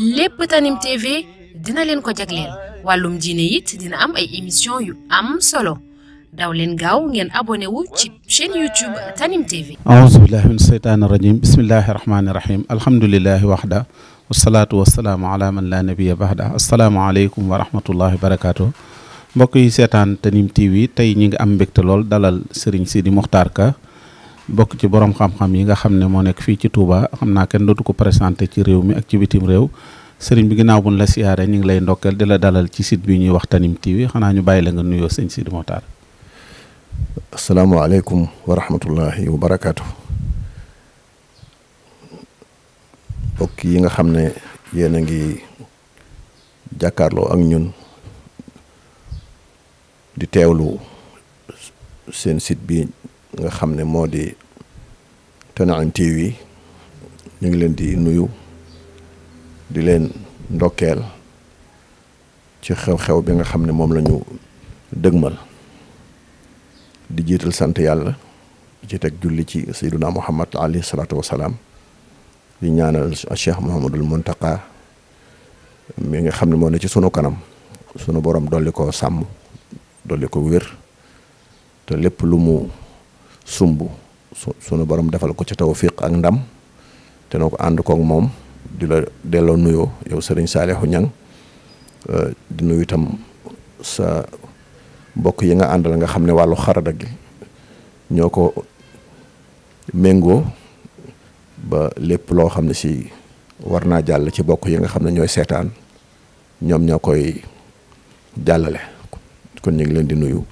lépp Tanim TV dina leen ko jagleel wàllum diine it dina am ay émission yu am solo daw leen gaaw ngeen abonné wu ci chaîne YouTube Tanim TV aousubillahi min asheytaan irajim bismillahi rahmaani rahim alhamdulilahi waxda ala man la nabiya baxda asalaamaaleykum wa rahmatullahi wa barakatuh mbokk yi seetaan Tanim TV tey ñi ngi am mbégte lool dalal Serigne Sidi Mokhtar Ka bokk ci borom xam-xam yi nga xam ne moo nekk fii ci Touba xam naa kenn dootu ko présenté ci réew mi ak ci bitim réew sëriñ bi ginnaaw buñ la siyaare ñu ngi lay ndokkeel di la dalal ci site bi ñuy wax Tanim TV xanaa ñu bàyyi la nga nuyoo sëñ Sidi Mokhtar. asalaamaaleykum wa rahmatullahi wa barakaatu. mbokk yi nga xam ne yéen a ngi jàkkaarloo ak ñun di teewlu seen site bi nga xam ne moo di Tanime TV ñu ngi leen di nuyu di leen ndokkeel ci xew-xew bi nga xam ne moom lañu ñu dëgmal di jiital sant yàlla ci teg julli ci sayyiduna muhammad alayhi salaatu wasalaam di ñaanal cheikh muhammadul muntaka mi nga xam ne moo ne ci sunu kanam sunu borom dolli ko sàmm dolli ko wér te lépp lu mu sumb su sunu borom defal ko ci tawfiq ak ndam te noo ko ànd koog moom di la delloo nuyoo yow sëriñ Saalihu Ñang euh, di nuyu itam sa yi nga àndal nga xam ne wàllu xarada gi ñoo ko méngoo ba loo xam ne si war naa jàll ci bokk yi nga xam ne ñooy seetaan ñoom ñoo koy jàllale kon ñu ngi leen di nuyu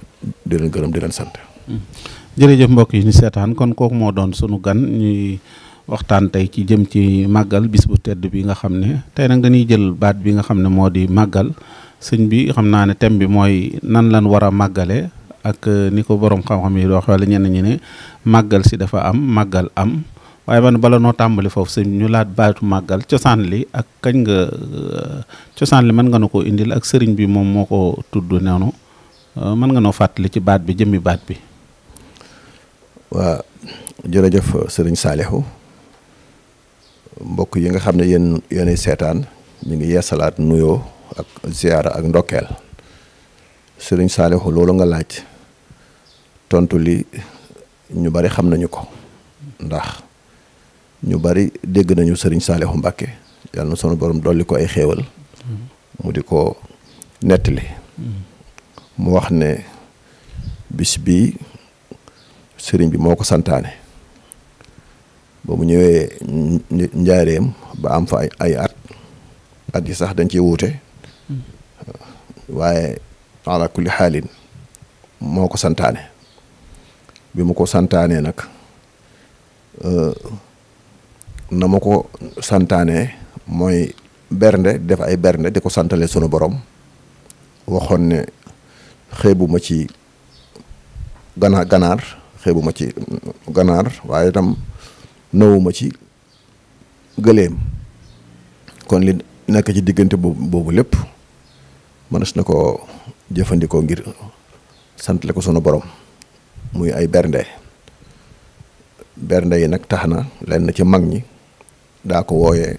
di leen gërëm di leen sant. Mm-hmm. jërëjëf mbokk yi ñu seetaan kon kooku moo doon sunu gan ñuy waxtaan tey ci jëm ci màggal bis bu tedd bi nga xam ne tey nag dañuy jël baat bi nga xam ne moo di màggal sëñ bi xam naa ne thème bi mooy nan lan war a màggale ak euh, ni ko borom xam-xam yi wax wala ne màggal si dafa am màggal am waaye man bala noo tàmbali foofu sëñ ñu laat baatu màggal cosaan li ak kañ nga euh, cosaan li mën nga nu ko indil ak sëriñ bi moom moo ko tudd noonu euh, mën nga noo fàttali ci baat bi jëmmi baat bi. waa jërëjëf sëriñ Saalihu mbokk yi nga xam ne yéen yéenay seetaan ñu ngi yeesalaat nuyoo ak ziyaara ak ndokkeel sëriñ Saalihu loolu nga laaj tontu li ñu bari xam nañu ko ndax ñu bari dégg nañu sëriñ Saalihu Mbàkke yàlla na sunu borom dolli ko ay xéewal mu di ko nettali mm-hmm. mu wax ne bis bii sëriñ bi moo ko santaane ba mu ñëwee njaareem ba am fa ay ay at at yi sax dañ ci wuute waaye ala kulli xaalin moo ko santaane bi mu ko santaanee nag e, na ma ko santaane mooy bernde def ay bernde di ko santale sunu borom waxoon ne xeebuma ci gana ganaar xeebuma ci ganaar waaye itam nawuma ci gëléem kon li nekk ci diggante boobu lépp mënees na ko jëfandikoo ngir santle ko sunu borom muy ay bernde bernde yi nag tax na lenn ci mag ñi daa ko wooyee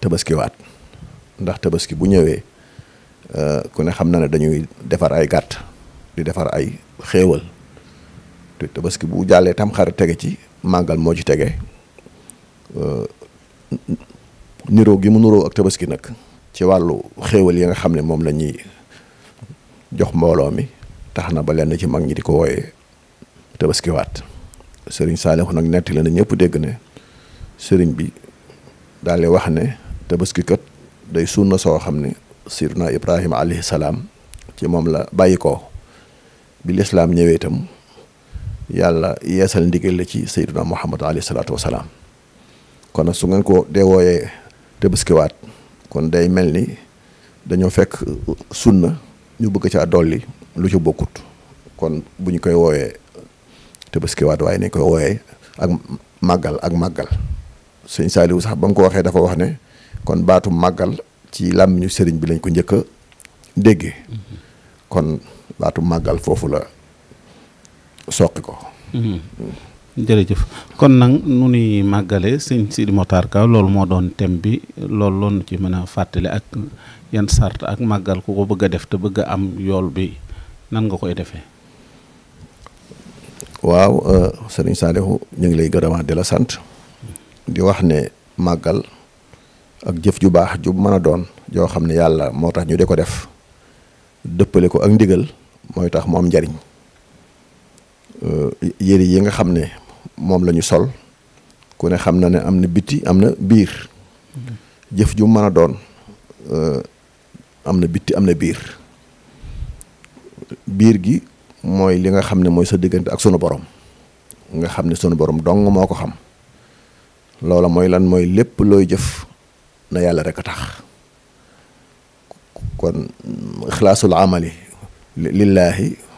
tabaskiwaat ndax tabaski bu ñëwee eh, ku ne xam na ne dañuy defar ay gàtt di defar ay xéewal te tabaski bu jàllee tamxare tege ci màggal moo ci tege euh, niroo gi mu niroo ak tabaski nag ci wàllu xéewal yi nga xam ne moom la ñuy jox mbooloo mi tax na ba lenn ci mag ñi di ko wooyee tabaski waat sëriñ Saalihu nag nettali na ñëpp dégg ne sëriñ bi daal di wax ne tabaski kat day sunna soo xam ne sirna Ibrahima alayhi salaam ci moom la bàyyi ko bi lislaam ñëwee itam yàlla yeesal ndigal la ci sayyiduna muhammad alayhi salaatu wasalaam kon su ngeen ko dee wooyee tëbaskiwaat kon day mel ni dañoo fekk sunna ñu bëgg caa dolli lu ci bokkut kon bu ñu koy wooyee tëbaskiwaat waaye nañ koy wooyee ak màggal ak màggal sëñ Saaliwu sax ba mu ko waxee dafa wax ne kon baatu màggal ci làmmiñu sëriñ bi lañ ko njëkk a mm-hmm. kon baatu màggal foofu la soqi ko. Mhm. jërëjëf kon nag nu ñuy màggale sëñ Sidi Mokhtar Ka loolu moo doon thème bi loolu loonu ci mën a fàttali ak yan sart ak màggal ku ko bëgg a def te bëgg a am yool bi nan nga koy defee. waaw euh, sëriñ Saalihu ñu ngi lay gërëmaat di la sant di wax ne màggal ak jëf ju baax ju mën a doon joo xam ne yàlla moo tax ñu di ko def dëppale ko ak ndigal mooy tax mu am njariñ Euh, yére yi nga xam ne moom la ñu sol ku ne xam na ne am na biti am na biir jëf ju mën a doon euh, am na bitti am na biir biir gi mooy li nga xam ne mooy sa diggante ak sunu boroom nga xam ne sunu borom dong moo ko xam loola mooy lan mooy lépp looy jëf na yàlla rek a tax kon xilaasul amali lillaahi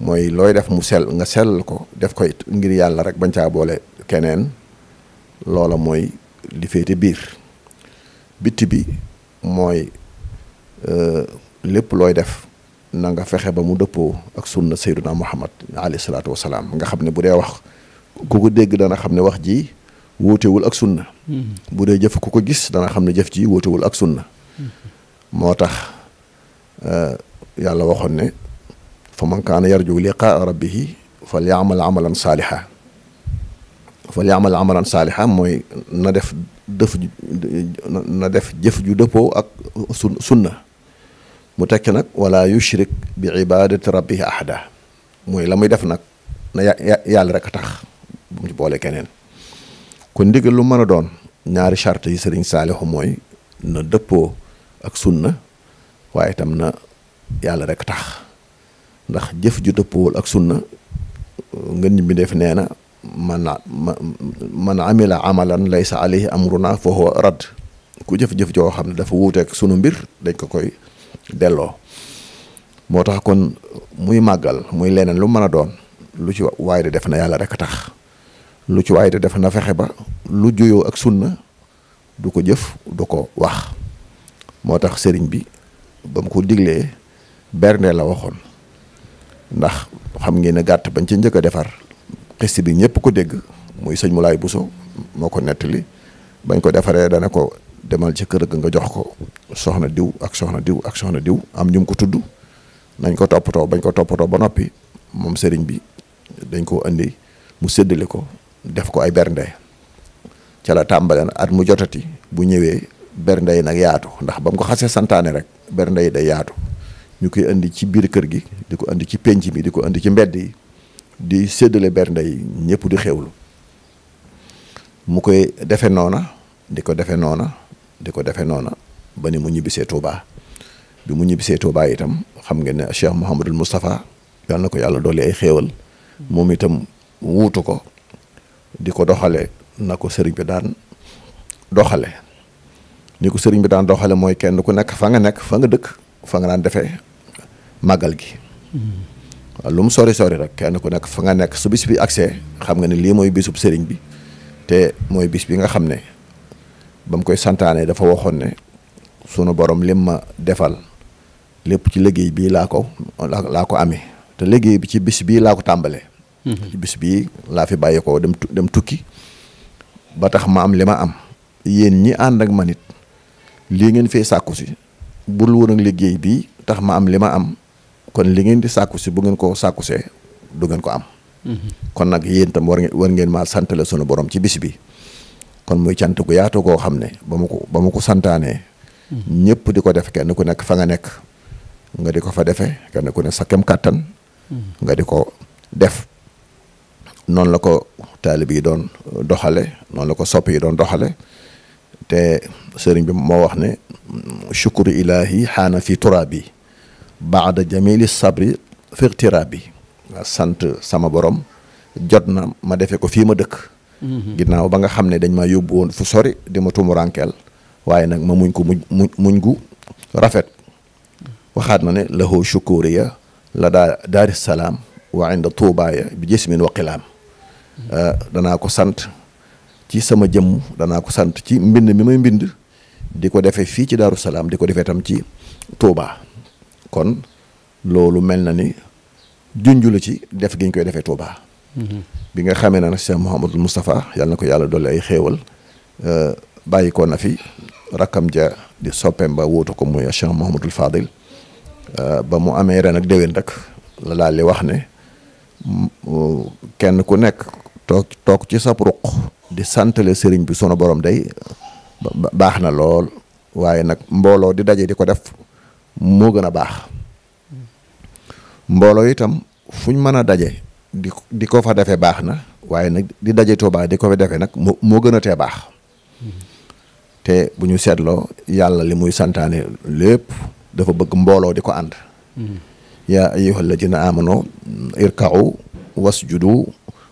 mooy looy def mu sel nga sell ko def ko it ngir yàlla rek bañ caa boole keneen loola mooy li féete biir bitti bi mooy euh, lépp looy def nanga fexe ba mu dëppoo ak sunna sayyiduna muhammad alayhi salaatu wasalaam nga xam ne bu dee wax ku ko dégg dana xam ne wax ji wóotewul ak sunna mm-hmm. bu dee jëf ku ko gis dana xam ne jëf ji wóotewul ak sunna mm-hmm. moo tax euh, yàlla waxoon ne fa man kaana yarju liqaa rabbihi fal yaamal amalan saaliha fal yaamal amalan saaliha mooy na def dëf na def jëf ju dëppoo ak sun sunna mu tekk nag wala yushrik bi ibadati rabbihi ahada mooy la muy def nag na yàlla rek a tax bu mu ci boole keneen kon ndigal lu mën a doon ñaari charte yi sëriñ saalihu mooy na dëppoo ak sunna waaye itam na yàlla rek tax ndax jëf ju dëppoowul ak sunna ngeen ñi bi def nee na man man amila amalan laysa alayhi amruna fa huwa rad ku jëf-jëf joo xam ne dafa wuuteeg sunu mbir dañ ko koy delloo moo tax kon muy màggal muy leneen lu mën a doon lu ci waay di def na yàlla rek a tax lu ci waay di na fexe ba lu juyoo ak sunna du ko jëf du ko wax moo tax sëriñ bi ba mu ko diglee bernde la waxoon ndax xam ngeen ne gàtt bañ ci njëkk a defar xiste bi ñëpp ko dégg muy sëñ Moulay Bousso moo ko nettali bañ ko defaree dana ko demal ci kër ga nga jox ko soxna diw ak soxna diw ak soxna diw am ñu ko tudd nañ ko toppatoo bañ ko toppatoo ba noppi moom sëriñ bi dañ ko indi mu séddale ko def ko ay bernde ca la tàmbale na at mu jotati bu ñëwee bernde yi nag yaatu ndax ba mu ko xasee santaane rek bernde day yaatu ñu koy indi ci biir kër gi di ko indi ci penc mi di ko indi ci mbedd yi di séddale bernde yi ñëpp di xewlu mu koy defe noona di ko defe noona di ko defe noona ba ni mu ñibbisee Touba bi mu ñibbisee Touba itam xam ngeen ne Cheikh Mouhamadul Moustapha yal na ko yàlla doole ay xéewal moom itam wutu ko di ko doxale na ko sëriñ bi daan doxale ni ko sëriñ bi daan doxale mooy kenn ku nekk fa nga nekk fa nga dëkk fa nga daan defee màggal gi. waaw lu mu sori sori rek kenn ku nekk fa nga nekk su bis bi accès xam nga ne lii mooy bisub sëriñ bi te mooy bis bi nga xam ne ba mu koy santaane dafa waxoon ne sunu borom lim ma defal lépp ci liggéey bii laa ko laa ko amee te liggéey bi ci bis bii laa ko tàmbalee. Mhm. bis bii laa fi bàyyi ko dem dem tukki ba tax ma am li ma am. yéen ñi ànd ak man it lii ngeen fee sàkku si bul woon ak liggéey bi tax ma am li ma am. kon li ngeen di sàkku si bu ngeen ko sàkku see du ngeen ko am. Mm-hmm. kon nag yéen tam war ngeen war ngeen maa sant la sunu borom ci bis bi. kon muy cant ku yaatu koo xam ne ba mu ko ba ko santaanee. Mm-hmm. ñëpp di ko def kenn ku nekk fa nga nekk. nga di ko fa defee kenn ku ne sa kem kàttan. Mm-hmm. nga di ko def. noonu la ko taalib yi doon doxale noonu la ko sopp yi doon doxale te sëriñ bi moo wax ne. shukru ilaahi xaana fi turaabi baada jamili sabri firtira bi sant sama borom jot na ma defee ko fii ma dëkk mhm. ginnaaw ba nga xam ne dañ ma yóbbu woon fu sori di ma tumurankeel waaye nag ma muñ ko muñ muñ muñ gu rafet waxaat na ne lahoo shukuriya la daa daari salaam wa inda tuubaaya bi jismin wa qilaam mhm. ah, danaa ko sant ci sama jëmm danaa ko sant ci mbind mi may mbind di ko defee fii ci daaru salaam di ko defee tam ci tuubaa kon loolu mel na ni junjulu ci def gi ñu koy defee Touba. Mm-hmm. bi nga xamee na nag Cheikh Mouhamadul Moustapha yàlla na ko yàlla dolli ay xéewal euh, bàyyi ko na fi rakkam ja di soppeem ba wóotu ko muy Cheikh Mouhamadul Fadil euh, ba mu amee ren ak déwén rek laal li wax ne kenn ku nekk toog toog ci sab ruq di santale sëriñ bi sunu borom day baax na lool waaye nag mbooloo di dajee di ko def moo gën a baax mbooloo itam fuñ mën a daje di di ko fa defe baax na waaye nag di daje Tuubaa di ko fa defee nag moo moo gën a tee baax te bu ñu seetloo yàlla li muy santaane lépp dafa bëgg mbooloo di ko ànd yaa ayyuhal ladina amanu irka'u wasjudu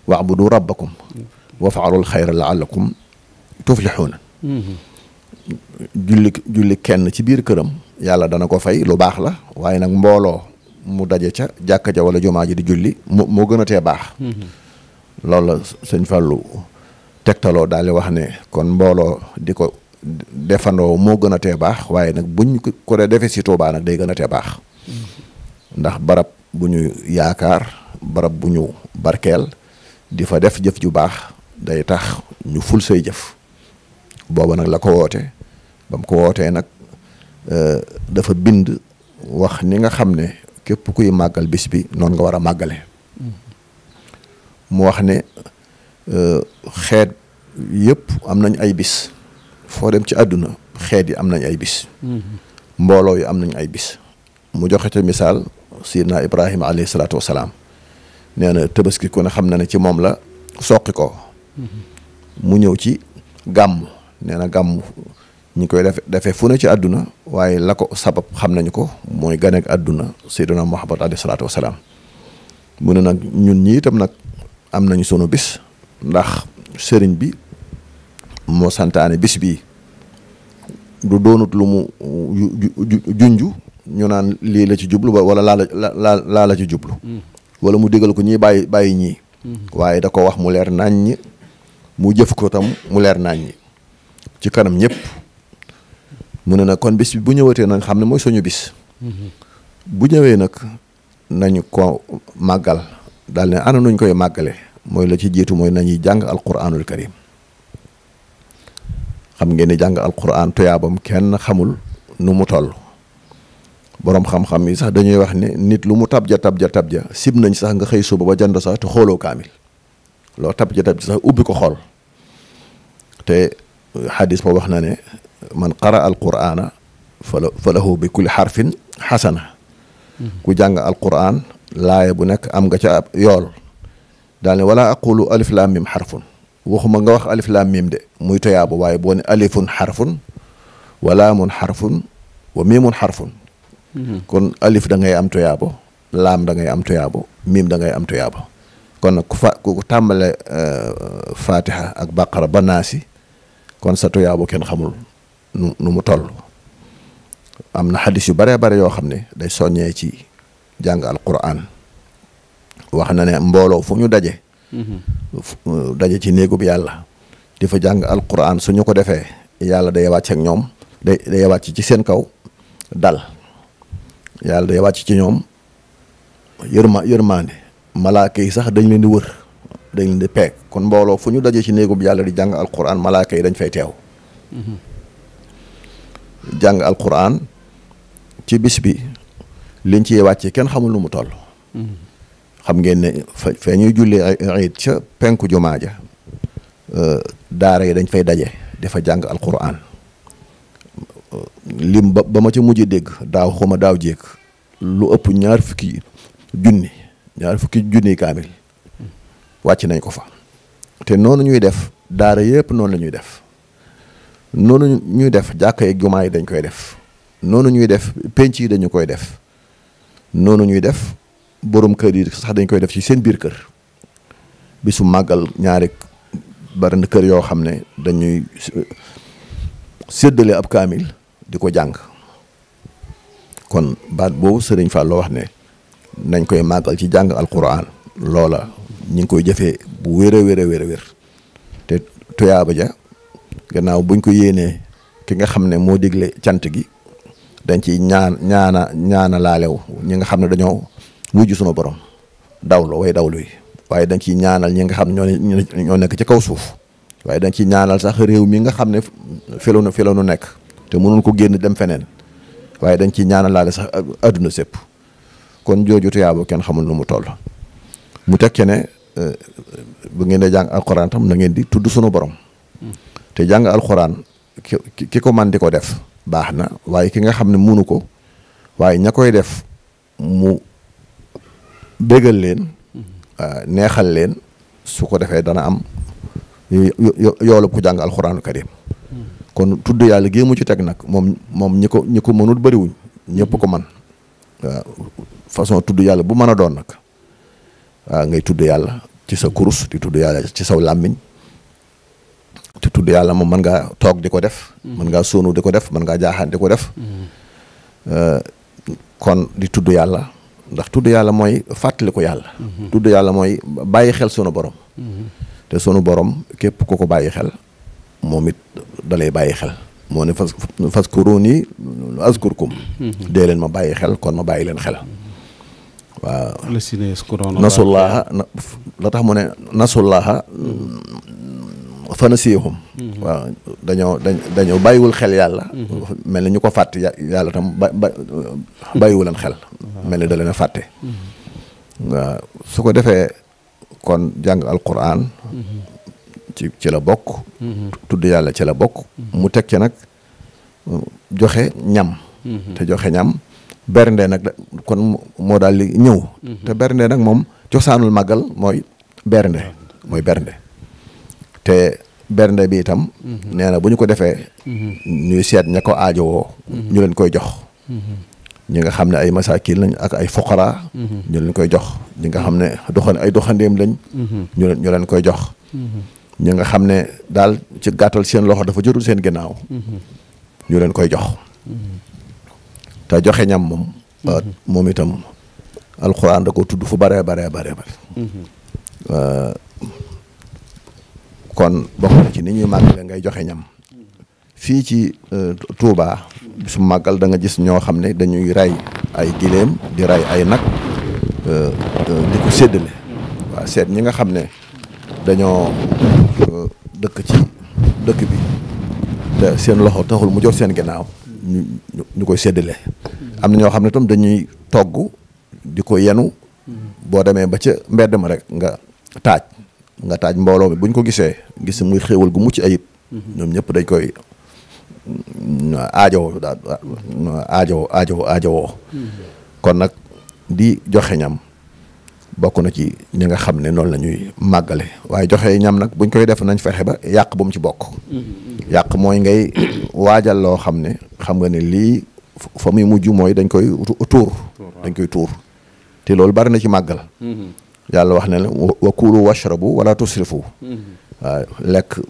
wa'budu rabbakum wafaalul xayra laallakum tuflixuuna mm-hmm. julli julli kenn ci biir këram yàlla dana ko fay lu baax la waaye nag mbooloo mu daje ca jàkka ja wala jumaa ji di julli mu moo gën a tee baax mm-hmm. loolu la sëñ Fallou tegtaloo daal di wax ne kon mbooloo di ko defandoo moo gën a tee baax waaye nag buñ ko dee defee si Tuubaa nag day gën a tee baax mm-hmm. ndax barab bu ñu yaakaar barab bu ñu barkeel di fa def jëf ju baax day tax ñu ful say jëf booba nag la ko woote bam ko wootee nag Euh, dafa bind wax ni nga xam ne képp kuy màggal bis bi noonu nga war a màggale mu wax ne euh, xeet yépp am nañ ay bis foo dem ci àdduna xeet yi am nañ ay bis mm-hmm. mbooloo yi am nañ ay bis mu joxe te misaal sidna ibrahima alayhi salaatu wasalaam nee na tabaski ne xam na ne ci moom la soqi ko mm-hmm. mu ñëw ci gàmm neena na gàmm ñi koy def defee fu ne ci àdduna waaye la ko sabab xam nañu ko mooy gan ak àdduna Seydina Muhammad alayhi salaatu wa salaam mu ne nag ñun ñii itam nag am nañu sunu bis ndax sëriñ bi moo santaane bis bii du doonut lu mu junj ñu naan lii la ci jublu ba wala laa la laa la ci jublu. Mm. wala mu digal ko ñii bàyyi bàyyi ñii. Mm-hmm. waaye da ko wax mu leer naañ ñi mu jëf ko tam mu leer naññi ci kanam ñëpp. mu ne nag kon bis bu ñëwatee nag xam ne mooy suñu bis. bu ñëwee nag nañu ko màggal daal ne ana nuñ koy màggale mooy la ci jiitu mooy nañuy jàng alquranul karim xam ngeen ni jàng alquran tuyaabam kenn xamul nu mu toll. boroom xam yi sax dañuy wax ne nit lu mu tabja tabja tabja sib nañ sax nga xëy suba ba jand sax te xooloo kaamil loo tabja tabja sax ubbi ko xool te xadis ba wax na ne man qara alqur'ana fala fa lahu bi kulli xarfin xasana ku jàng alqur'an laaya bu nekk am nga ca yool daal ne wala aqulu alif laam mim xarfun waxuma nga wax alif laam mim de muy toyaabu waaye boo ne alifun xarfun wa laamun xarfun wa mhm. miimun xarfun kon alif da ngay am toyaabo laam da ngay am toyaabo miim da ngay am toyaabo kon ku fa ku tàmbale euh, fatiha ak baqara ba naasi kon sa toyaabo kenn xamul nu nu mu toll am na xadis yu baree bare yoo xam ne day soññee ci jàng alquran wax na ne mbooloo fu ñu daje mm-hmm. uh, daje ci néegub yàlla di fa jàng alquran suñu ko defee yàlla day wàcc ñoom day day wàcc ci seen kaw dal yàlla day wàcc ci ñoom yërma yërmaande malaaka yi sax dañ leen di wër dañ leen kon mbooloo fu ñu daje ci néegub yàlla di jàng alquran malaaka yi dañ fay teew mm-hmm. jàng alquran ci bis bi liñ ciy wàcce kenn xamul lu mu toll xam ngeen ne fa fee ñuy julli iid ca penku jumaa ja euh, daara yi dañ fay daje dafa jàng alquran euh, lim ba ba ma ca mujj dégg daaw xuma daaw jékk lu ëpp ñaar fukki junni ñaar fukki junni kaamil wàcc nañ ko fa te noonu ñuy def daara yëpp noonu lañuy def noonu ñuy def jàkka yeeg jumaa yi dañ koy def noonu ñuy def penc yi dañu koy def noonu ñuy def borom kër yi sax dañ koy def ci seen biir kër bi su màggal ñaari bari na kër yoo xam ne dañuy séddalee ab kaamil di ko jàng kon baat boobu sëriñ loo wax ne nañ koy màggal ci jàng alquran loola ñu ngi koy jëfee bu wér wéra wér wér te tuyaaba ja gannaaw buñ ko yéenee ki nga xam ne moo digle cant gi dañ ci ñaan ñaana ñaana laalew ñi nga xam ne dañoo wujj sunu borom dawlo way dawlu yi waaye dañ ciy ñaanal ñi nga xam ne ñoo nekk ci kaw suuf waaye dañ ciy ñaanal sax réew mi nga xam ne feloonu feloonu nekk te mënul ko génn dem feneen waaye dañ ciy ñaana laale sax adduna sépp kon jooju tuyaaba kenn xamul nu mu toll mu tekke ne euh, bu ngeen di ak alxuraan tam na ngeen di tudd sunu borom hmm. te jàng alxuraan ki ko man di ko def baax na waaye ki nga xam ne munu ko waaye ña koy def mu bégal leen mhm. euh, neexal leen su ko defee dana am yoolub ko jàng alxuraanu karim mhm. kon tudd yàlla gii mu ci teg nag moom moom ñi ko ñi ko mënut bariwuñ ñëpp ko man façon tudd yàlla bu mën a doon nag ngay tudd yàlla ci sa kurus di tudd yàlla ci saw làmmiñ te tudd yàlla moom man ngaa toog di ko def. Mm-hmm. mën ngaa soonu di ko def man ngaa jaaxaan di ko def. Mm-hmm. Euh, kon di tudd yàlla ndax tudd yàlla mooy fàttaliku yàlla. Mm-hmm. tudd yàlla mooy bàyyi xel sunu borom. te sunu borom képp ku ko bàyyi xel moom it dalay bàyyi xel. moo ne fas faskuruni askurkum dee leen ma bàyyi xel kon ma bàyyi leen xel. waaw la si ne yaskuruuna nasullaaha la tax mu ne nasullaaha fanasiyahum mhm. waaw dañoo dañoo bàyyiwul xel yàlla mhm. mel ni ñu ko fàtte yàlla tam ba xel mhm. mel ni da leen fàtte waaw su ko defee kon jàng alquran ci ci la bokk tudd yàlla ci la bokk mu teg ci nag joxe ñam te joxe ñam bernde nag kon moo daal di ñëw te bernde nag moom cosaanul màggal mooy bernde mooy bernde te bernde bi itam. Mhm. nee na bu ñu ko defee. Mhm. ñuy seet ña ko aajowoo. Mhm. ñu leen koy jox. ñi nga xam ne ay masaakin lañ ak ay fuqara. ñu leen koy jox ñi nga xam ne doxan ay doxandeem lañ. ñu leen leen koy jox. nga xam ne daal ci gàttal seen loxo dafa jotul seen ginnaaw. ñu leen koy jox. te joxe ñam moom. Euh, moom itam alxuraan da ko tudd fu baree baree baree bare. Euh, kon bokk ci ni ñuy màggale ngay joxe ñam fii ci euh, Touba su màggal da nga gis ñoo xam ne dañuy ray ay giléem di rey ay nag euh, euh, di ko séddale waa seet ñi nga xam ne dañoo dëkk ci dëkk bi te seen loxo taxul mu jot seen ginnaaw ñu ñu koy séddale am na ñoo xam ne tam dañuy togg di ko yenu mm-hmm. boo demee ba ca mbedd ma rek nga taaj nga taaj mbooloo mi buñ ko gisee gis muy xéewal gu mucc ayib mhm. ñoom ñëpp dañ koy mm, aajowoo daal aajowoo aajowoo mhm. kon nag di joxe ñam bokk na ci ñi nga xam ne noonu lañuy màggale waaye joxe ñam nag buñ koy def nañ fexe ba yàq bu mu ci bokk mhm. yàq mooy ngay waajal loo xam ne xam nga ne lii fa muy mujj mooy dañ koy tuur koy tuur te loolu bari na ci màggal yàlla wax ne la wa kulu washrabu wala tusrifu mm-hmm. lekk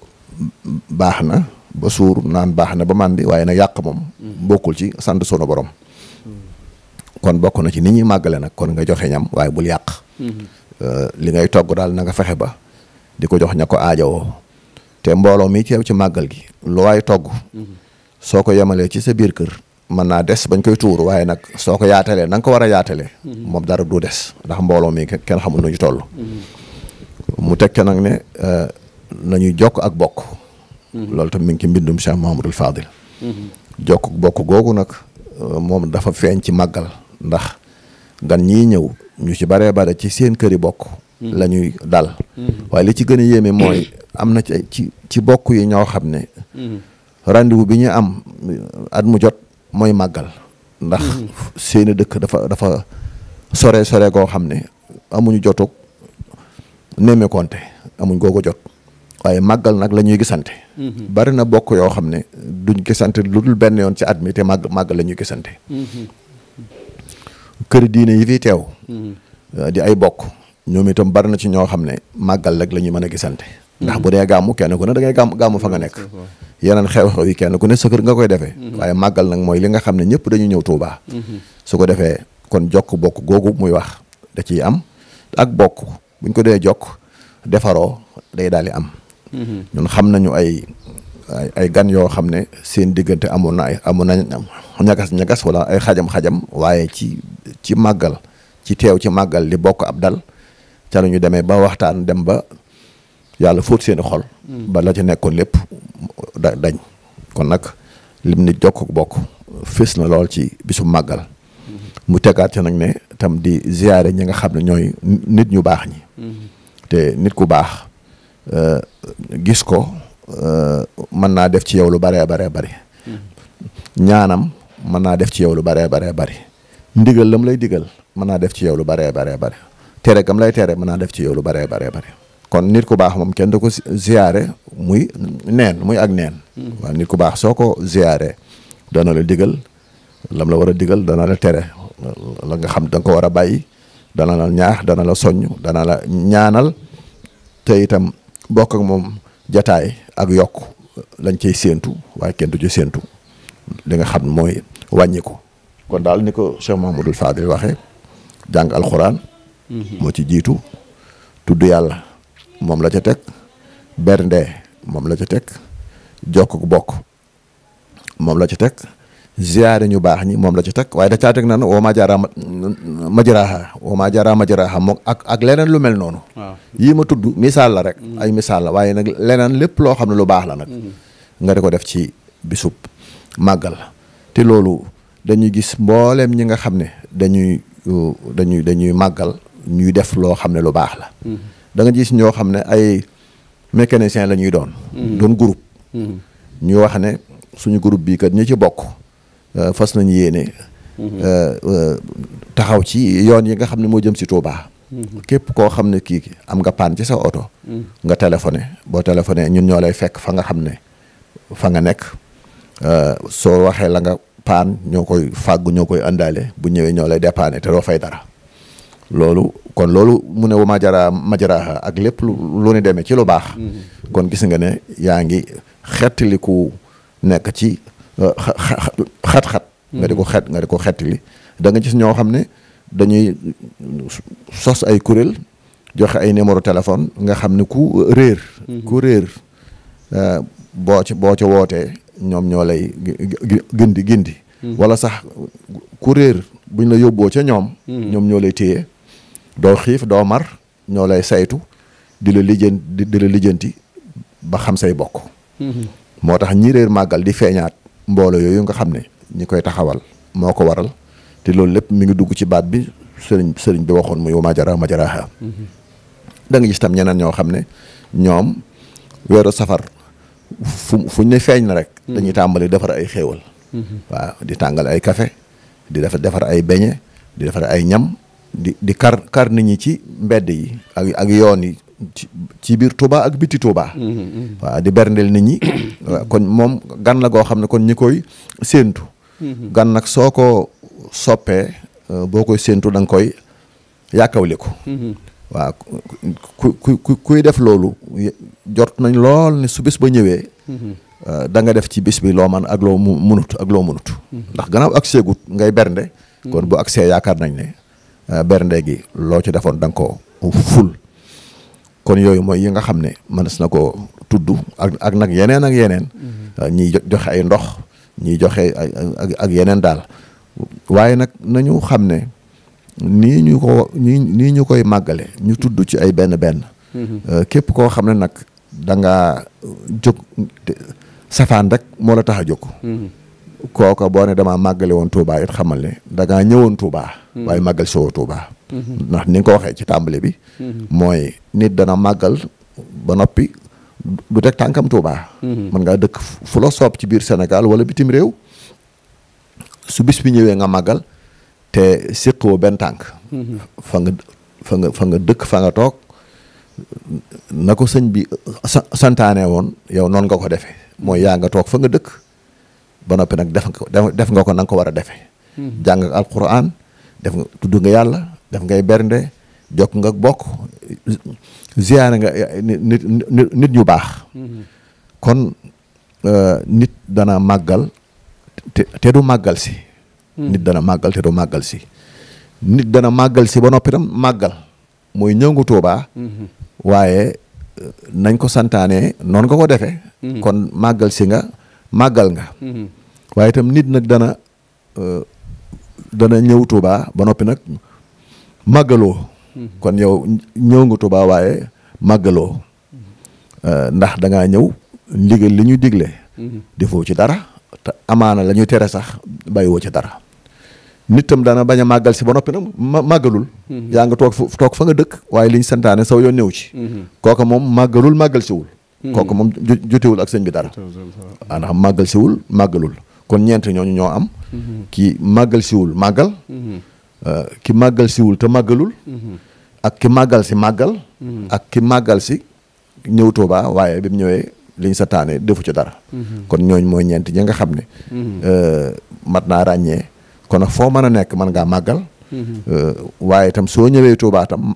baax na ba suur naan baax na ba màndi waaye nag yàq moom mm-hmm. bokkul ci sant sunu borom mm-hmm. kon bokk na ci nit ñuy màggale nag kon nga joxe ñam waaye bul yàq uh, li ngay togg daal na nga fexe ba di ko jox ña ko aajowoo te mbooloo mi teew ci màggal gi lu togg soo ko yemalee ci sa biir kër mën naa des bañ koy tuur waaye nag soo ko yaatalee na nga ko war a yaatalee. Mhm. moom dara du des ndax mbooloo mi kenn xamul nu ñu toll. Mhm. mu tekke nag ne euh, nañuy jokk ak bokk. Mhm. loolu tam mi ngi ci mbindum Cheikh Mouhamadul Fadil. jokk bokk googu nag euh, moom dafa feeñ ci màggal ndax gan ñii ñëw ñu ci baree bare ci seen këri bokk. la ñuy dal. waaye li ci gën a yéeme mooy am na ci ci bokk yi ñaw xam ne. rendez bi ñu am at mu jot. mooy màggal ndax seeni dëkk dafa dafa sore sore goo xam ne amuñu jotug néeme konte amuñ googu jot waaye màggal nag la ñuy gisante mm-hmm. bari na bokk yoo xam ne duñ gisante lu dul benn yoon ci at mi te màgg lañuy la ñuy gisante mm-hmm. kër diine yi fi teew mm-hmm. di ay bokk ñoom itam bari na ci ñoo xam ne màggal rek la ñuy mën a gisante ndax bu dee gàmmu kenn ku ne da ngay gàmm gàmmu fa nga nekk yeneen xew-xew yi kenn ku ne sa kër nga koy defee mhm. waaye màggal nag mooy li nga xam ne ñëpp dañu ñëw Tuubaa mhm. su ko defee kon jokk bokk googu muy wax da ciy am ak bokk buñ ko dee jokk defaroo day daal di am mhm. ñun xam nañu ay ay gan yoo xam ne seen diggante amoon na ay amoon na ñagas ñagas wala ay xajam-xajam waaye ci ci màggal ci teew ci màggal li bokk ab dal ca la ñu demee ba waxtaan dem ba yàlla fóot seeni xol. Mm. ba la ci nekkoon lépp da dañ. kon nag lim ni jokk bokk fës na lool ci bisu màggal. Mm-hmm. mu tegaat ci nag ne tam di ziyaare ñi nga xam ne ñooy nit ñu baax ñi. Mm-hmm. te nit ku baax euh, gis ko euh, mën naa def ci yow lu baree baree bari. Mm-hmm. ñaanam mën naa def ci yow lu baree bare bari. ndigal lam lay digal mën naa def ci yow lu baree baree bari. tere gam lay tere mën naa def ci yow lu baree baree bari. kon nit ku baax moom kenn da ko ziyaare muy neen muy ak neen hmm. waaw nit ku baax soo ko ziyaare dana la digal lam la war a digal dana la tere la nga xam da ko war a bàyyi dana la ñaax dana la soññ dana la ñaanal te itam bokk ak moom jataay ak yokk lañ cay séentu waaye kenn du ci séentu li nga xam mooy wàññiku kon daal ni ko Cheikh Mahmoudou Fadil waxee jàng alxuraan hmm. moo ci jiitu tudd yàlla moom la ca teg bernde moom la ca teg jokk bokk moom la ca teg ziyaare ñu baax ñi moom la ca teg waaye da caa teg naan woo maa jaaraa majraaha woo maa jaaraa ak ak leneen lu mel noonu. yii ma tudd misaal la rek. Mm. ay misaal la waaye nag leneen lépp loo xam ne lu baax la nag. Mm-hmm. nga di ko def ci bisub màggal te loolu dañuy gis mbooleem ñi nga xam ne dañuy uh, dañuy dañuy màggal ñuy def loo xam ne lu baax la. Mm-hmm. da nga gis ñoo xam ne ay mécaniciens lañuy doon. Hmm. doon groupe. Hmm. ñu wax ne suñu groupe bii kat ñi ci bokk euh, fas nañu yéene. Hmm. Euh, euh, taxaw ci yoon yi nga xam ne moo jëm si Touba. képp koo xam ne kii am nga paan ci sa oto. nga téléphoné boo téléphoné ñun ñoo lay fekk fa nga xam ne fa nga nekk soo waxee la nga paan ñoo koy fàggu ñoo koy àndaale bu ñëwee ñoo lay dépanné te doo fay dara. loolu kon loolu mu ne wa majara majaraha ak lépp lu ne demee ci lu baax mm-hmm. kon gis nga ne yaa ngi xettaliku nekk ci uh, xat-xat nga di ko mm-hmm. xet nga di ko xettali danga gis ñoo xam ne dañuy sos ay kuréel joxe ay numéro téléphone nga xam ne ku réer mm-hmm. ku réer uh, boo ci boo ca wootee ñoom ñoo lay gindi gindi wala sax ku réer buñ la yóbboo ca ñoom ñoom ñoo lay téye doo xiif doo mar ñoo lay saytu di la lijjan di la lijjanti ba xam say bokk. Mm-hmm. moo tax ñi réer màggal di feeñaat mboolo yooyu nga xam ne ñi koy taxawal moo ko waral te loolu lépp mu ngi dugg ci baat bi sëriñ sëriñ bi waxoon muy majara majaraha mm-hmm. da nga gis tam ñeneen ñoo xam ne ñoom weeru safar fu fuñ ne feeñ na rek. Mm-hmm. dañuy tàmbali defar ay xéewal. waaw di tàngal ay kafe di defar defar ay beñe di defar ay ñam. di di kar kar nit ñi ci mbedd yi ak ak yoon yi ci biir Touba ak biti Touba. Mm-hmm, mm-hmm. waa di berndeel nit ñi. kon moom gan la goo xam ne kon ñi koy séentu. Mm-hmm. gan nag soo ko soppee euh, boo koy séentu danga koy yàkkawle ko. def loolu jot nañ lool ne su bis ba ñëwee. Euh, danga def ci bis bi loo man ak loo munut ak loo munut. ndax gannaaw ak ngay bernde. kon bu ak yaakaar nañ ne. Euh, bernde gi loo ci defoon da ko ful kon yooyu mooy yi nga xam ne mënees na ko tudd ak ak nag yeneen ak yeneen mm-hmm. euh, ñiy joxe ay ndox ñiy joxe ay ak yeneen daal waaye nag nañu xam ne nii ñu ko nii nii ñu koy màggale ñu tudd ci ay benn benn mm-hmm. euh, képp koo xam ne nag danga jóg safaan rek moo la tax a jóg mm-hmm. kooka boo ne damaa màggale woon tuubaa it xamal ne dangaa ngaa ñëwoon Touba. Mm-hmm. waaye màggal si woo Touba. Mm-hmm. ndax ni ko waxee ci tàmbali bi. Mm-hmm. mooy nit dana màggal ba noppi du teg tànkam tuubaa mën ngaa dëkk fu la soob ci biir senegal wala bitim réew su bis bi ñëwee nga màggal te séqoo benn tànk. fa nga fa nga dëkk fa nga toog na ko sëñ bi santaane woon yow noonu nga ko defee mooy yaa nga toog fa nga dëkk. ba noppi nag def nga def nga ko na ko war a defe hmm. jàng nga alquran def nga tudd nga yàlla def ngay bernde jokk nga bokk ziyaare nga nit nit ñu baax. Hmm. kon euh, hmm. nit dana màggal te du màggal si. nit dana màggal te màggal si. nit dana màggal si ba noppi tam màggal mooy ñëngu Tuubaa waaye euh, nañ ko santaane noonu nga ko defee kon màggal si nga màggal nga waaye itam nit nag dana euh, dana ñëw Touba ba noppi nag màggaloo mhm. kon yow ñëw nga Touba waaye màggaloo mhm. euh, ndax da ñëw ndigal li ñuy digle mhm. defoo ci dara te amaana la ñuy tere sax bàyyiwoo ci dara nit tam dana bañ a màggal si ba noppi nag màggalul yaa nga toog toog fa nga dëkk waaye li ñu santaane saw yoon néew ci kooka moom màggalul màggal siwul kooku moom jotewul ak sëñ bi dara maanaam màggal siwul màggalul kon ñeent ñooñu ñoo am. Mm-hmm. ki màggal siwul màggal. Mm-hmm. Euh, ki màggal siwul te màggalul. Mm-hmm. ak ki màggal si màggal. ak ki màggal si ñëw Tuuba waaye bi mu ñëwee liñ sa taane defu ci dara. kon ñooñ mooy ñeent ñi nga xam ne. Euh, mat naa ràññee kon nag foo mën a nekk mën ngaa màggal. Euh, waaye itam soo ñëwee Tuuba tam.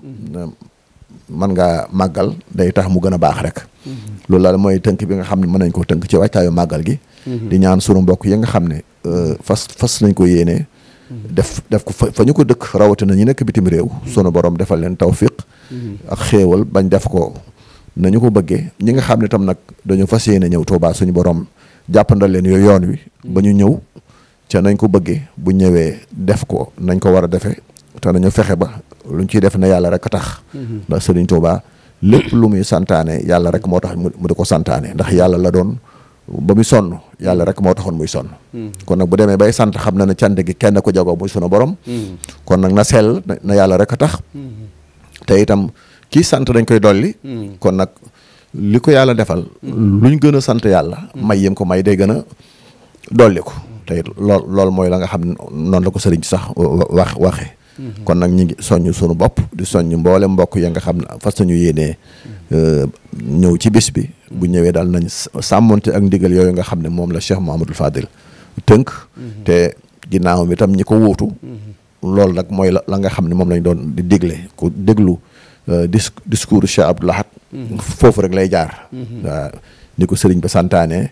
mën ngaa màggal day tax mu gën a baax rek loolu la mooy tënk bi nga xam ne mën nañ koo tënk ci waajtaayu màggal gi di ñaan sunu mbokk yi nga xam ne euh, fas fas nañ ko yéene def def ko fa ñu ko dëkk rawatina ñi nekk bitim réew sunu borom defal leen tawfiq ak xéewal bañ def ko nañu ko bëggee ñi nga xam ne tam nag dañu fas yéene ñëw suñu borom jàppandal leen yooyu yoon wi ba ñu ñëw ca nañ ko bëggee bu ñëwee def ko nañ ko war a defee te nañu fexe ba lu luñ ciy def na yàlla rek a tax mhm. ndax Serigne Touba lépp lu muy santaane yàlla rek moo tax mu di ko santaane ndax yàlla la doon ba muy sonn yàlla rek moo taxoon muy sonn mhm. kon nag bu demee bay sant xam na ne cant gi kenn ko jagoo muy sunu borom mhm. kon nag na sell na yàlla rek a tax te itam kii sant dañ koy dolli kon nag li ko yàlla defal luñ gën a sant yàlla may yim ko may day gën a dolli ko te lool mooy la nga xam ne noonu la ko sëriñ ci sax wax waxe Mhm. kon nag ñu ngi soññ suñu bopp di soññ mboole mbokk ya nga xam ne fas ñu yéenee mhm. euh, ñëw ci bis bi bu ñëwee daal nañ sàmmonte ak ndigal yooyu nga xam ne moom la Cheikh Mouhamadul Fadil tënk mhm. te ginnaaw mi tam ñi ko wuutu loolu nag mooy la la nga xam ne moom lañ doon di digle ku déglu euh, dis discours Cheikh Abdou Lahad foofu rek lay jaar waaw ni ko sëriñ ba santaane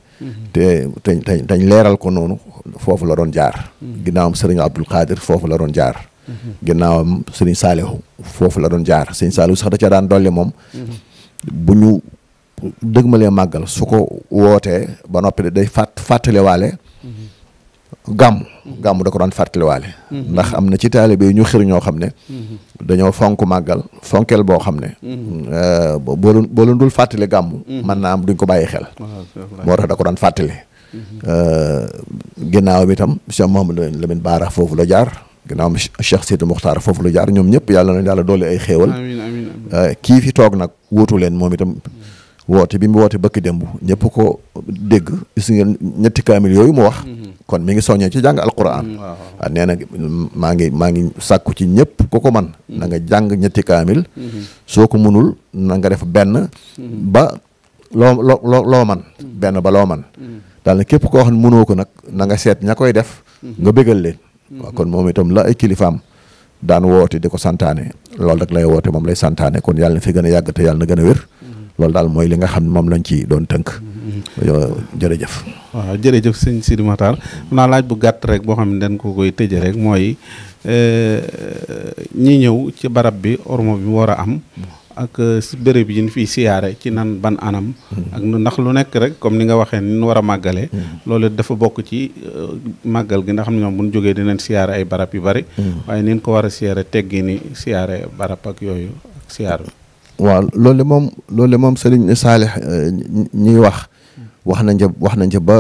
te te tañ leeral ko noonu foofu la doon jaar ginnaawam sëriñ Abdul Qadir foofu la doon jaar ginnaawam sëriñ Saalihu foofu la doon jaar sëriñ Saalihu sax da ca daan dolli moom bu ñu dëgmalee màggal su ko wootee ba noppi day fàtt fàttaliwaale gàmm gàmmu da ko doon fàttaliwaale ndax am na ci taalibe yi ñu xir ñoo xam ne fonk màggal fonkeel boo xam ne eh, boo leen dul fàttali gàmm mën naa am duñ ko bàyyi xel moo tax da ko doon fàttali eh, ginnaaw bi tam Cheikh Mouhamadou Lamine Baara foofu la jaar ginnaaw Cheikh Sidi Mokhtar foofu la jaar ñoom ñëpp yàlla na yàlla doole ay xéewal euh, kii fi toog nag wootu leen moom itam woote bi mu woote bëkk démb ñëpp ko dégg gis ngeen ñetti kaamil yooyu mu wax mhm. kon mi ngi soññee ci jàng alquran mhm. ah nee na maa ngi maa ngi sàkku ci ñëpp ku ko man mhm. nanga jàng ñetti kaamil soo ko munul nanga def benn ba loo loo loo man benn ba loo man daal na képp koo wax ne mënoo ko nag na nga seet ña koy def nga bégal leen waaw kon moom itam la ay kilifaam daan woote di ko santaane loolu rek lay woote moom lay santaane kon yàlla na fi gën a yàgg te yàlla na gën a wér mm-hmm. loolu daal mooy li nga xam ne moom lañ ci doon tënk mm-hmm. jërëjëf waaw jërëjëf sëñ Sidi naa laaj bu gàtt rek boo xam ne dañ ko koy tëje rek mooy euh, ñi ñëw ci barab bi ormo bi mu war a am mm-hmm. ak euh, béréb yi ñu fiy siyaare ci nan ban anam. Hmm. ak ndax lu nekk rek comme ni nga waxee ni ñu war a màggalee. Hmm. loolu dafa bokk ci euh, màggal gi nga xam ne ñoom bu ñu jógee dinañ siyaare barab yu bari. Hmm. waaye ni ko war a siyaare teggi ni siyaare barab ak yooyu ak siyaar bi. waaw moom loolu moom Serigne Saalix euh, ñuy wax wax nañ ca wax nañ ca ba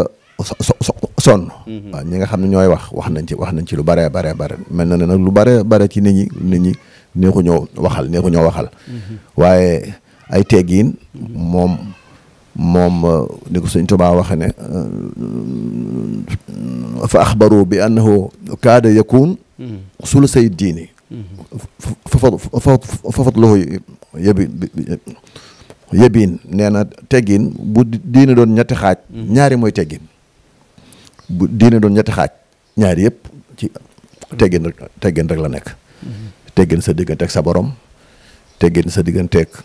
sonn. waaw ñi nga xam ñooy wax wax nañ ci wax nañ ci lu bare bare bare mel na ne lu bare bare ci nit ñi nit ñi. nee ko ñoo waxal nee ko ñoo waxal waaye ay teggiin moom moom euh, ni ko sëñ Tuubaa waxe ne euh, fa axbaru bi annahu kaada yakun sulu say diini fafat loxo yebi yebiin nee na teggiin bu diine doon ñetti xaaj ñaari mooy teggiin bu diine doon ñetti xaaj ñaari yëpp ci teggin rek la nekk teggin sa digganteeg sa borom teggin sa digganteeg uh,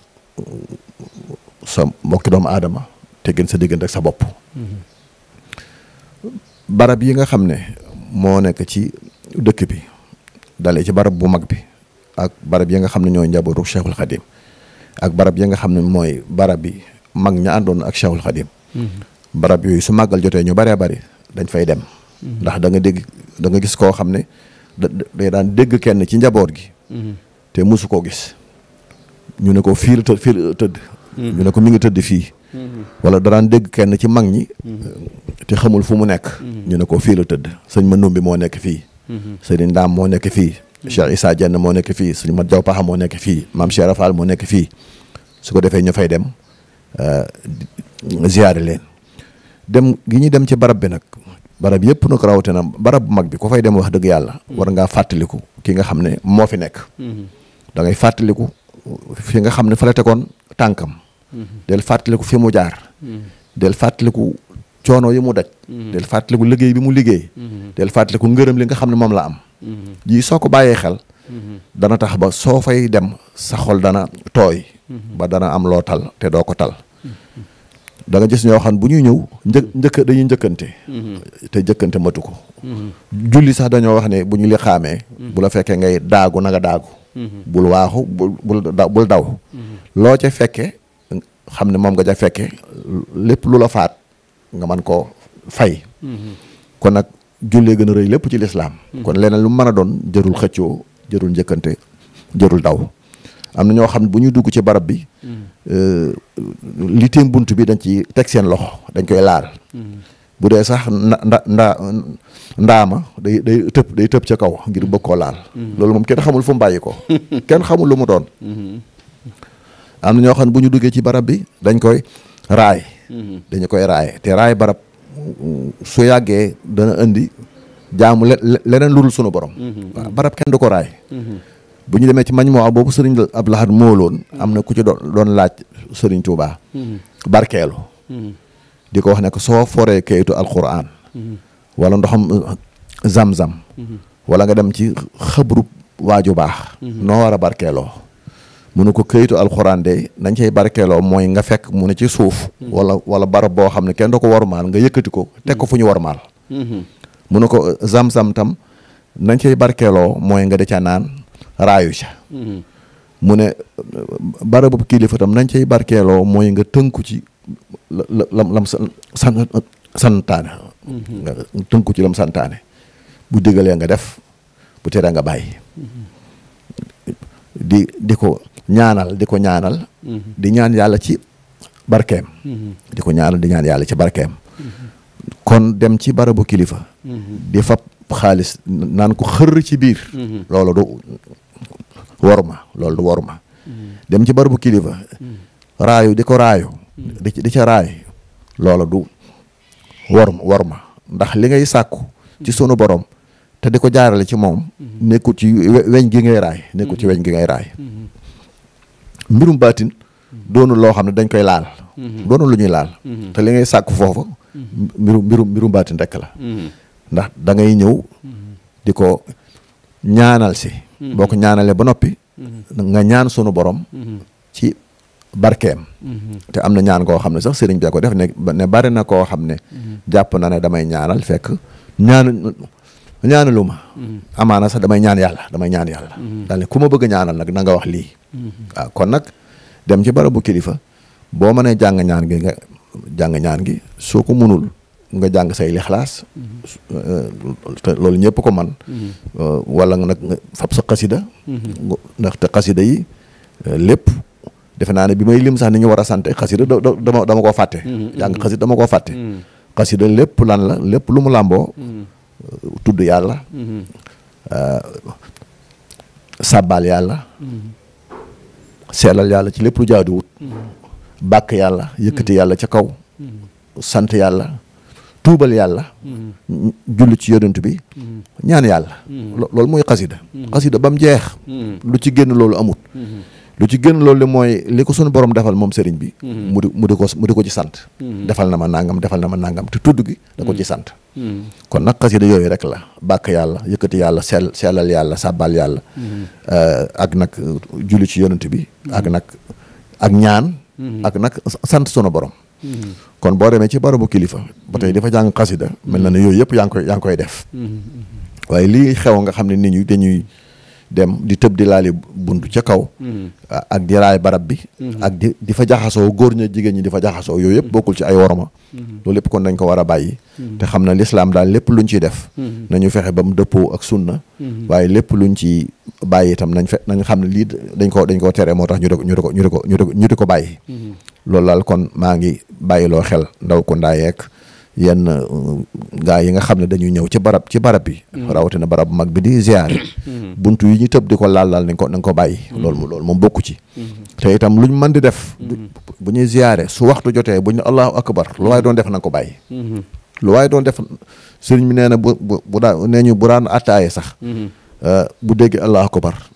sa mbokki doomu aadama teggin sa digganteeg sa bopp. barab yi nga xam ne moo nekk ci dëkk bi dalee ci barab bu mag bi ak barab yi nga xam ne ñooy njabootu Cheikhul Khadim ak barab yi nga xam ne mooy barab bi mag ña àndoon ak Cheikhul Khadim. barab yooyu su maggal jotee ñu baree bari dañ fay dem. ndax danga dégg danga gis koo xam ne da day daan dégg kenn ci njaboot gi te mosu koo gis ñu ne ko fii la të fii tëdd ñu ne ko mi ngi tëdd fii wala daraan dégg kenn ci mag ñi te xamul fu mu nekk ñu ne ko fii la tëdd sëñ ma numbi moo nekk fii sëñ ndaam moo nekk fii Cheikh Issa Dieng moo nekk fii sëñ Mat Jaw Paxa moo nekk fii maam Cheikh Rafal moo nekk fii su ko defee ñu fay dem euh, ziyaare leen dem gi ñuy dem ci barab bi nag barab yëpp nag rawatina barab bu mag bi ku fay dem wax dëgg yàlla. war ngaa fàttaliku ki nga xam ne moo fi nekk. Mm-hmm. dangay ngay fàttaliku fi nga xam ne fa tànkam. Mm-hmm. del fàttaliku fi mu jaar. Mm-hmm. del fàttaliku coono yi mu daj. del fàttaliku liggéey bi mu liggéey. del fàttaliku ngërëm li nga xam ne moom la am. jii soo ko bàyyee xel. dana tax ba soo fay dem sa xol dana tooy. ba dana am loo tal te doo ko tal. da nga gis ñoo xam bu ñuy ñëw një njëkk dañuy njëkkante mhm. te njëkkante matu ko mhm. julli sax dañoo wax ne bu ñu li xaamee mhm. bu la fekkee ngay daagu na a daagu bul waaxu bul bul daw loo ca fekke xam ne moom nga ja fekke lépp lu la faat nga mën koo fay kon nag jullee gën a rëy lépp ci lislaam kon leneen lu mën a doon jërul xëccoo jërul njëkkante jërul daw am na ñoo xam ne bu ñuy dugg ci barab bi euh, li tiim bunt bi dañ ci teg seen loxo dañ koy laal mm-hmm. bu dee sax nda nda ndaa ndaama day day tëb day tëb ca kaw ngir bëgg koo laal mm-hmm. loolu moom kenn xamul fu mu ko kenn xamul lu mu doon mm-hmm. am na ñoo xam ne bu ñu duggee ci barab bi dañ koy raay dañu koy raay te raay barab su yàggee dana indi jaamu leneen lu dul sunu borom barab kenn du ko raay bu ñu demee ci mañ moo boobu sëriñ ab Lahad mooloon am na ku ci doon doon laaj sëriñ Touba. Mm-hmm. barkeelu mm-hmm. di ko wax ne ko soo foree kayitu alquran mm-hmm. wala ndoxam uh, zam-zam wala nga dem ci xabrub waaju baax noo war a barkeeloo mu ne ko kayitu alquran de nañ cay barkeeloo mooy nga fekk mu ne ci suuf wala wala barab boo xam ne kenn du ko warmaal nga yëkkati ko teg ko fu ñu warmaal mu ne ko uh, zam nañ cay barkeeloo mooy nga de ca naan raayu ca mu ne barabu kilifa tam nañ cay barkeeloo mooy nga tënku ci la lam lam ci lam santaane bu digalee nga def bu teree nga bàyyi di di ko ñaanal di ko ñaanal di ñaan yàlla ci barkeem di ko ñaanal di ñaan yàlla ci barkeem kon dem ci barabu kilifa di fab xaalis naan ko xër ci biir loolu du worma loolu du worma. dem ci barabu kilifa. raayu di ko raayu. di di ca raay loola du wor worma ndax li ngay sàkku. ci sunu borom te di ko jaarale ci moom. nekkul ci weñ gi ngay raay nekkul gi ngay raay. mbirum baatin doonu loo xam ne dañ koy laal. doonu lu ñuy laal. te li ngay sàkku foofu. mbiru mbiru mbirum baatin rek la. ndax da ñëw di ko ñaanal si. boo ko ñaanalee ba noppi nga ñaan sunu borom ci barkeem te am na ñaan koo xam ne sax sëriñ bi ko def ne ne bari na koo xam ne jàpp na ne damay ñaanal fekk ñaan ñaanalu ma amaana sax damay ñaan yàlla damay ñaan yàlla daal ku ma bëgg ñaanal nag na nga wax lii kon nag dem ci barabu kilifa boo mënee jàng ñaan gi nga jàng ñaan gi soo ko munul nga jàng say lixlaas loolu ñëpp ko man wala nag fab sa xasida ndaxte xasida yi lépp defe naa ne bi may lim sax ni ñu war a sante xasida dama dama koo fàtte jàng xasida dama koo fàtte xasida lépp lan la lépp lu mu làmboo tudd yàlla sàbbaal yàlla seelal yàlla ci lépp lu jaaduwut bàkk yàlla yëkkati yàlla ca kaw sant yàlla tuubal yàlla. Mm-hmm. julli ci yonent bi. Mm-hmm. ñaan yàlla. Mm-hmm. loolu mooy xasida. xasida ba mu jeex. lu ci génn loolu amut. lu ci génn loolu mooy li ko sunu borom defal moom sëriñ bi. mu di mu di ko mu di ko ci sant. defal na ma nangam defal na ma nangam te tudd gi. da ko ci sant. kon nag xasida yooyu rek la bàkk yàlla yëkkati yàlla sell sellal yàlla sàbbal yàlla. Euh, ak nag julli ci yonent bi. ak nag ak ñaan. ak nag sant sunu borom. kon boo demee ci barabu kilifa. ba tey dafa jàng xasida mel na ne yooyu yëpp yaa koy yaa koy def. waaye lii xew nga xam ne nit ñu dañuy dem di tëb di laali bunt ca kaw. ak di raay barab bi. ak di di fa jaxasoo góor ña jigéen ñi di fa jaxasoo yooyu yëpp bokkul ci ay worma. loolu yëpp kon dañ ko war a bàyyi. te xam na lislaam daal lépp luñ ciy def. nañu fexe ba mu dëppoo ak sunna. waaye lépp luñ ci bàyyi tam nañ fe nañ xam ne lii dañ ko dañ koo tere moo tax ñu di ko ñu di ko ñu di ko ñu di ko bàyyi. lool laal kon maa ngi bàyyiloo xel ndaw ko ndaa yeeg yenn uh, gaa yi nga xam ne dañuy ñëw ci barab ci barab bi. Mm. rawatina barab bu mag bi di ziar. Mm-hmm. buntu yi ñu tëb di ko laal laal nañ ko nañ ko bàyyi. Mm-hmm. loolu mu loolu moom bokku ci. Mm-hmm. te itam ñu mën di def. bu ñuy ziare su waxtu jotee bu ñu allahu akbar lu waaye doon def na ko bàyyi. lu waaye doon def sëriñ bi nee na bu bu bu daan nee ñu bu daan attaaye sax. Uh, bu dégg allahu akbar.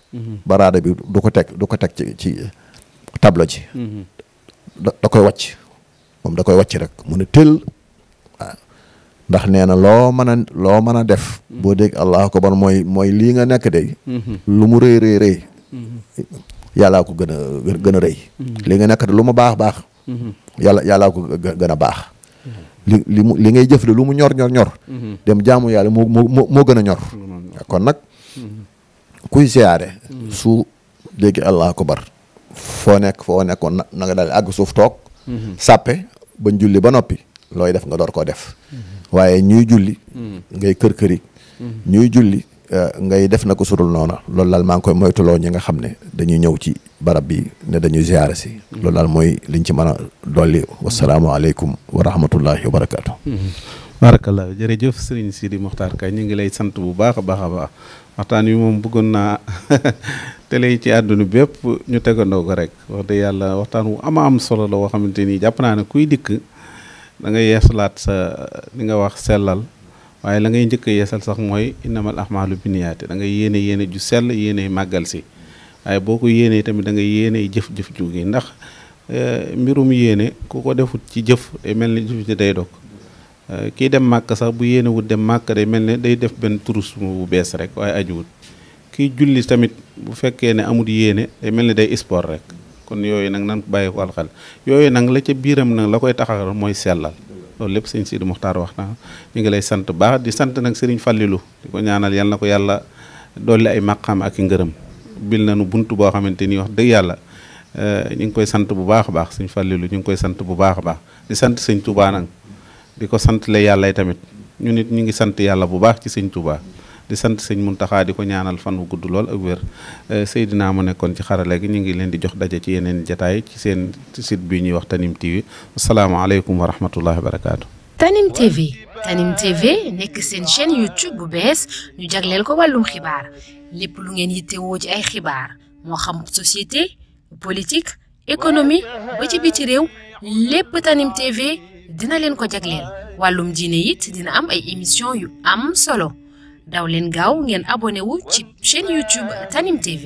baraada bi du ko teg du ko teg ci ci da koy wacc moom da koy wàcc rek mun a tël ndax nee na loo mën a loo mën a def boo dégg allah ko ban mooy mooy lii nga nekk de mhm. lu mu rëy rëy rëy mhm. yàllaa ko gën a gën a rëy mhm. li nga nekk lu mu baax baax yàlla yàllaa ko gën a baax li li mu li ngay jëf de lu mu ñor ñor ñor dem jaamu yàlla moo moo moo gën a ñor kon nag kuy siyaare su dégg allah ko bar foo nekk foo nekkoon nag na nga daal àgg suuf toog. Mhm. sàppe bañ julli ba noppi looy def nga door koo def. Mhm. waaye ñuy julli. Mhm. ngay kër këri. ñuy julli euh, ngay def na ko sudul noona lool daal maa ngi koy moytuloo ñi nga xam ne dañuy ñëw ci barab bi ne dañuy ziyaara si. loolu daal mooy liñ ci mën a dolli wasalaamaaleykum wa rahmatullahi wa barakaatu. barakallah jërëjëf Serigne Sidi Mokhtar Ka ñu ngi lay sant bu baax a baax a baax. waxtaan wi moom bëggoon naa télé ci àdduna bépp ñu tegandoo ko rek wax yàlla waxtaan wu ama am solo la woo xamante ni jàpp naa ne kuy dikk da ngay yeesalaat sa li nga wax sellal waaye la ngay njëkk a yeesal sax mooy innamal ahmaalu binniyaate da ngay yéene yéene ju sel yéene màggal si waaye boo ko yéenee tamit da ngay yéene jëf-jëf juugi ndax eh, mbirum yéene ku ko defut ci jëf mel na jëf ji day dog Euh, kii dem màkk sax bu yéenewut dem màkk day mel ne day def benn tourisme bu bees rek waaye ajuwut kii julli tamit bu fekkee ne amut yéene day mel ne day sport rek kon yooyu nag nan bàyyi ko yooyu nag la ca biiram nag la koy taxawal mooy sellal loolu lépp sëñ Sidi Muxtaar wax na ñu ngi lay sant baax di sant nag sëriñ fallilu di ko ñaanal yal na ko yàlla dolli ay maqaam ak i ngërëm bil nu bunt boo xamante ni wax dëgg yàlla euh, ñu ngi koy sant bu baax a baax sëñ Fàllilu ñu ngi koy sant bu baax a baax di sant sëñ Tuubaa di ko sant la yàlla tamit ñu nit ñu ngi sant yàlla bu baax ci sëñ Touba di sant mun Muntaxa di ko ñaanal fan wu gudd lool ak wér eh, Seydina mu nekkoon ci xarale gi ñu ngi leen di jox daje ci yeneen jataay ci seen site bi ñuy wax Tanim TV asalaamaaleykum wa rahmatullahi wa barakaatu. Tanim TV Tanim TV nekk seen chaîne YouTube bu bees ñu jagleel ko wàllum xibaar lépp lu ngeen yittewoo ci ay xibaar moo xam société politique économie ba ci biti réew lépp Tanim dina leen ko jagleel wàllum diine it dina am ay émission yu am solo daw leen gaaw ngeen abonné wu ci chaîne YouTube Tanim TV